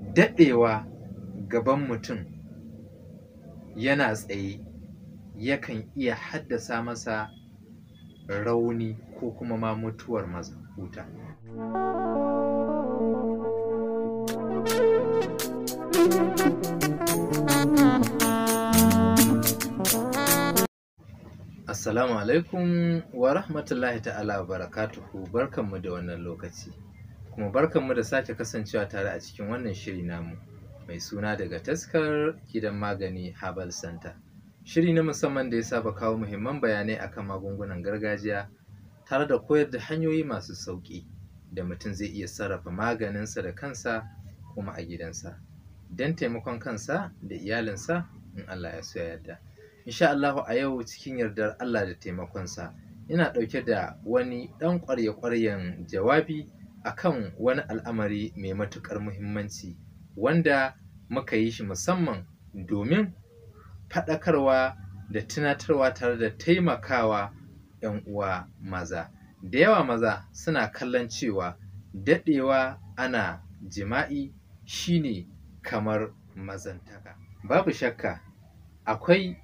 daɗewa gaban mutum yana tsaye yakan iya haddasa masa rauni ko kuma ma mutuwar mazakuta. Assalamu alaikum wa rahmatullahi ta'ala wa barakatuhu barkanmu da wannan lokaci. kuma barkanmu da sake kasancewa tare a cikin wannan shiri namu mai suna daga taskar gidan magani Herbal Center. Shiri na musamman da ya saba kawo muhimman bayanai akan magungunan gargajiya tare da koyar da hanyoyi masu sauƙi da mutum zai iya sarrafa maganinsa da kansa kuma a gidansa don taimakon kansa da iyalinsa in Allah ya so ya yarda. Insha Allahu a yau cikin yardar Allah da taimakonsa ina ɗauke da wani ɗan ƙwarya-ƙwaryen jawabi akan wani al'amari mai matuƙar muhimmanci wanda muka yi shi musamman domin faɗakarwa da tunatarwa tare da taimakawa 'yan uwa maza. Da yawa maza suna kallon cewa daɗewa ana jima'i shine kamar mazantaka. Babu shakka akwai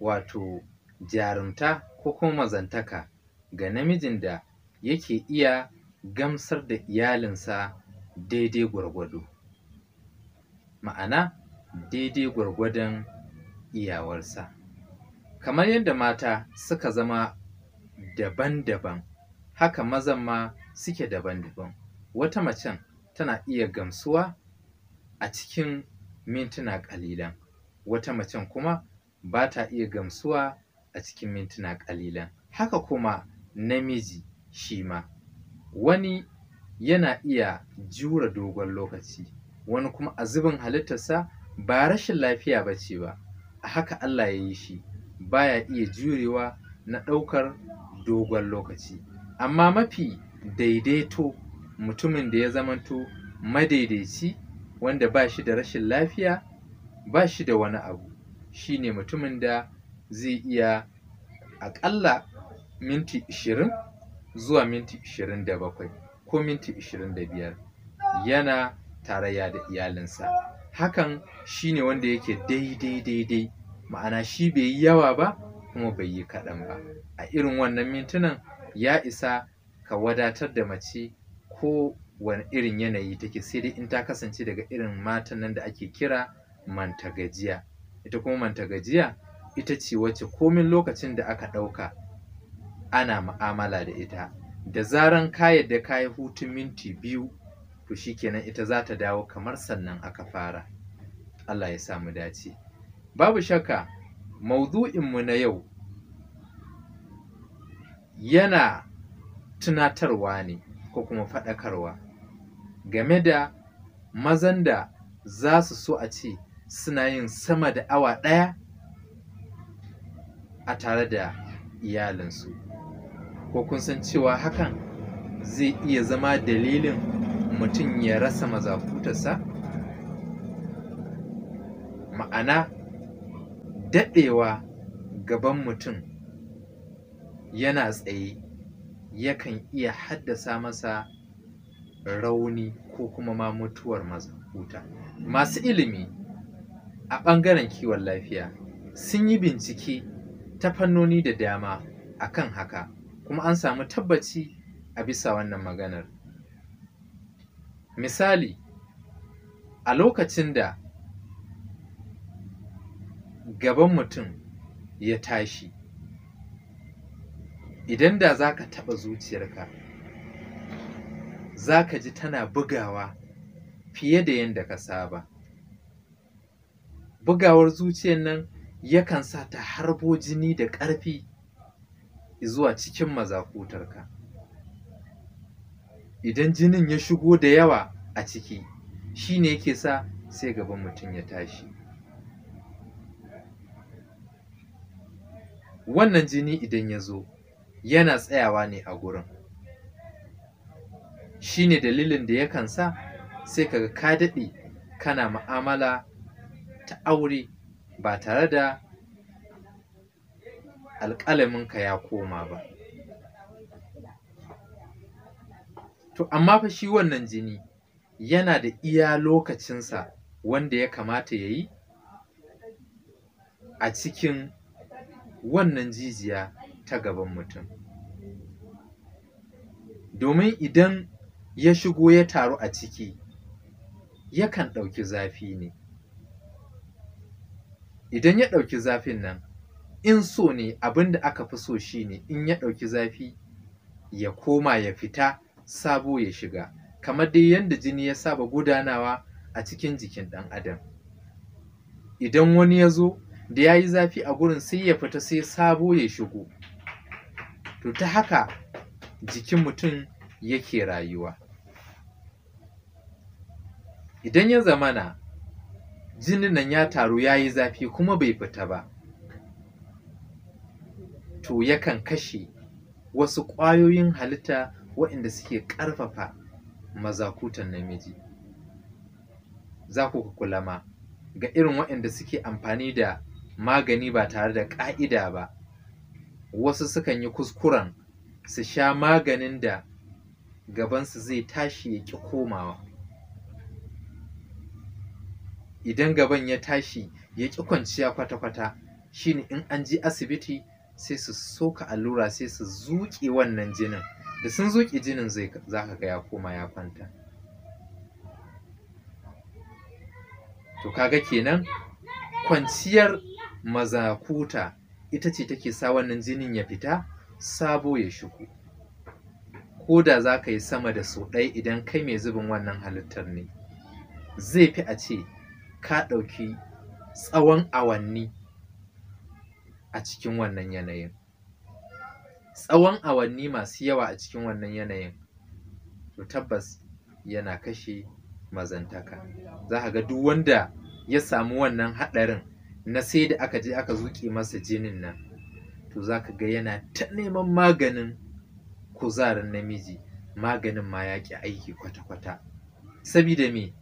wato jarumta ko kuma mazantaka ga namijin da yake iya gamsar da iyalinsa daidai gwargwado. Ma'ana, daidai gwargwadon iyawarsa. Kamar yadda mata suka zama daban-daban, haka mazan ma suke daban-daban. Wata macen tana iya gamsuwa a cikin mintuna ƙalilan, wata macen kuma ba ta iya gamsuwa a cikin mintuna ƙalilan. Haka kuma namiji shi ma. wani yana iya jure dogon lokaci wani kuma a zubin halittarsa ba rashin lafiya ba ce ba a haka Allah ya yi shi baya iya jurewa na ɗaukar dogon lokaci amma mafi daidaito mutumin da ya zamanto madaidaici wanda ba shi da rashin lafiya ba shi da wani abu shine ne mutumin da zai iya aƙalla minti 20 zuwa minti bakwai ko minti 25 yana tarayya da iyalinsa hakan shi ne wanda yake daidai daidai ma'ana shi bai yi yawa ba kuma bai yi kaɗan ba a irin wannan mintunan ya isa ka wadatar da mace ko wani irin yanayi take sai dai in ta kasance daga irin matan nan da ake kira mantagajiya ita kuma mantagajiya ita ce wacce komin lokacin da aka ɗauka ana ma'amala da ita da zaran ka yadda ka yi hutun minti biyu to shikenan ita za ta dawo kamar sannan aka fara Allah ya samu dace babu shakka mu na yau yana tunatarwa ne ko kuma faɗakarwa game da mazan da za su so a ce suna yin sama da awa ɗaya a tare da iyalinsu ko kun san cewa hakan zai iya zama dalilin mutum ya rasa mazakutarsa ma'ana daɗewa gaban mutum yana tsaye yakan iya haddasa masa rauni ko kuma ma mutuwar mazakuta masu ilimi a ɓangaren kiwon lafiya sun yi bincike ta fannoni da dama akan haka kuma an samu tabbaci a bisa wannan maganar. Misali, a lokacin da gaban mutum ya tashi, idan da za ka taɓa zuciyarka, za ka ji tana bugawa fiye da yadda ka saba. Bugawar zuciyar nan yakan sa ta harbo jini da ƙarfi zuwa cikin mazakutarka idan jinin ya shigo da yawa a ciki shi ne yake sa sai gaban mutum ya tashi wannan jini idan ya zo yana tsayawa ne a gurin shi ne dalilin da yakan sa sai kaga ka daɗe kana ma'amala ta aure ba tare da Alƙalamin ka ya koma ba to amma fa shi wannan jini yana da iya lokacinsa wanda ya kamata ya yi a cikin wannan jijiya ta gaban mutum domin idan ya shigo ya taru a ciki yakan ɗauki zafi ne idan ya ɗauki zafin nan in so ne abin da aka fi so shi ne in ya ɗauki zafi ya koma ya fita sabo ya shiga kamar dai yadda jini ya saba gudanawa a cikin jikin ɗan adam idan wani ya zo da ya yi zafi a gurin sai ya fita sai sabo ya shigo to ta haka jikin mutum yake rayuwa idan ya zamana jinin nan ya taru ya yi zafi kuma bai fita ba to yakan kashe wasu ƙwayoyin halitta waɗanda suke ƙarfafa mazakutan namiji za ku kula ma ga irin waɗanda suke amfani da magani ba tare da ƙa'ida ba wasu sukan yi kuskuren su sha maganin da gabansu zai tashi ya ƙi komawa idan gaban ya tashi ya ƙi kwanciya kwata-kwata shi in an je asibiti sai su soka allura sai su zuƙi wannan jinin da sun zuƙi jinin zai za ka ga ya koma ya kwanta to kaga kenan kwanciyar mazakuta ita ce take sa wannan jinin ya fita sabo ya shigo ko da za ka yi sama da sau ɗaya idan kai mai zubin wannan halittar ne zai fi a ce ka ɗauki tsawon awanni a cikin wannan yanayin tsawon awanni masu yawa a cikin wannan yanayin to tabbas yana kashe mazantaka za ka ga duk wanda ya samu wannan haɗarin na sai da aka je aka zuƙe masa jinin nan to za ka ga yana ta neman maganin kuzarin namiji maganin ma ya ƙi aiki kwata-kwata sabida me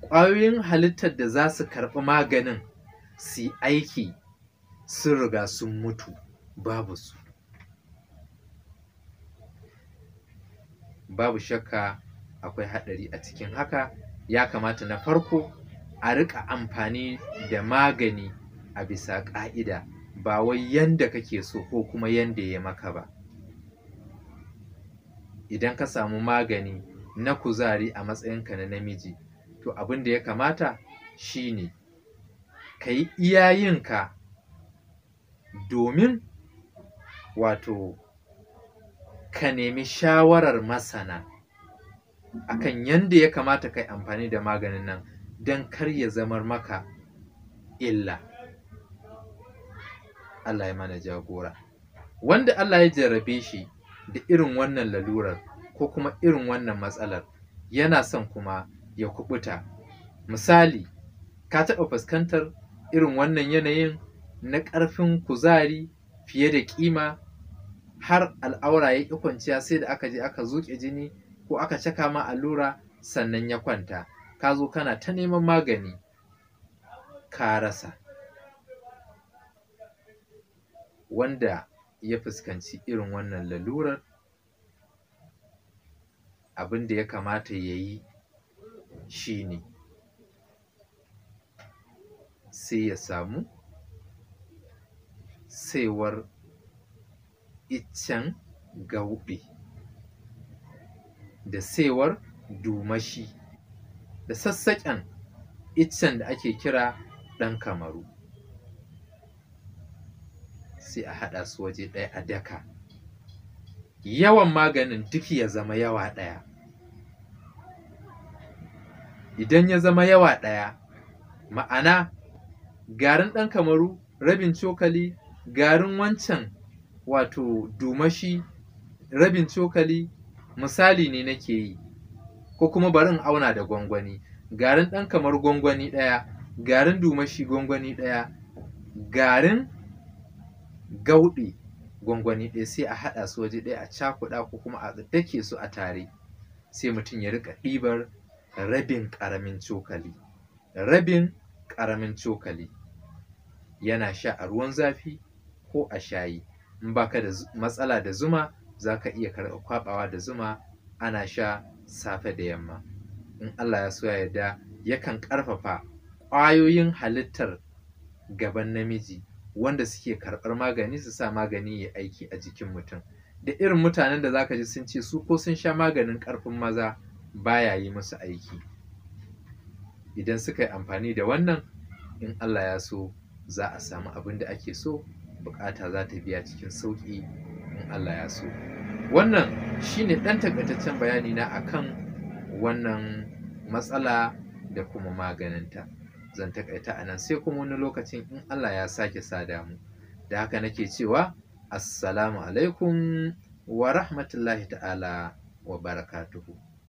ƙwayoyin halittar da za su karɓi maganin su yi aiki sun riga sun mutu babu su babu shakka akwai haɗari a cikin haka ya kamata na farko a riƙa amfani da magani a bisa ƙa'ida ba wai yanda kake so ko kuma yanda ya maka ba idan ka samu magani na kuzari a matsayinka na namiji to abin da ya kamata shine ka yi iyayinka domin wato ka nemi shawarar masana akan yadda ya kamata kai amfani da maganin nan don kar ya zamar maka illa Allah ya mana jagora wanda Allah ya jarrabe shi da irin wannan lalurar ko kuma irin wannan matsalar yana son kuma ya kubuta misali ka taɓa fuskantar irin wannan yanayin na ƙarfin kuzari fiye da ƙima har al'aura ya ƙi kwanciya sai da aka je aka zuƙe jini ko aka caka ma allura sannan ya kwanta ka zo kana ta neman magani ka rasa wanda ya fuskanci irin wannan lalurar abin da ya kamata ya yi shi ne sai ya samu saiwar iccen gaube da saiwar dumashi da sassaƙen iccen da ake kira ɗan kamaru sai a haɗa su waje ɗaya a daka yawan maganin duk ya zama yawa ɗaya idan ya zama yawa ɗaya ma'ana garin ɗan kamaru rabin cokali garin wancan wato dumashi rabin cokali misali ne nake yi ko kuma barin auna da gwangwani garin ɗan kamar gwangwani ɗaya garin dumashi gwangwani ɗaya garin gauɗi gwangwani ɗaya sai a haɗa su waje ɗaya a cakuɗa ko kuma a dake su a tare sai mutum ya rika ɗibar rabin ƙaramin cokali rabin ƙaramin cokali yana sha a ruwan zafi ko a shayi in baka da matsala da zuma za ka iya karɓa kwaɓawa da zuma ana sha safe da yamma in Allah ya so ya yarda yakan ƙarfafa ƙwayoyin halittar gaban namiji wanda suke karɓar magani su sa magani ya aiki a jikin mutum da irin mutanen da zaka ji sun ce su ko sun sha maganin ƙarfin maza baya yi musu aiki idan suka yi amfani da wannan in Allah ya so za a samu abin da ake so bukata za ta biya cikin sauki in Allah ya so wannan shine ɗan takaitaccen bayani na akan wannan matsala da kuma maganinta zan takaita anan sai kuma wani lokacin in Allah ya sake sada mu da haka nake cewa assalamu alaikum wa rahmatullahi ta'ala wa barakatuhu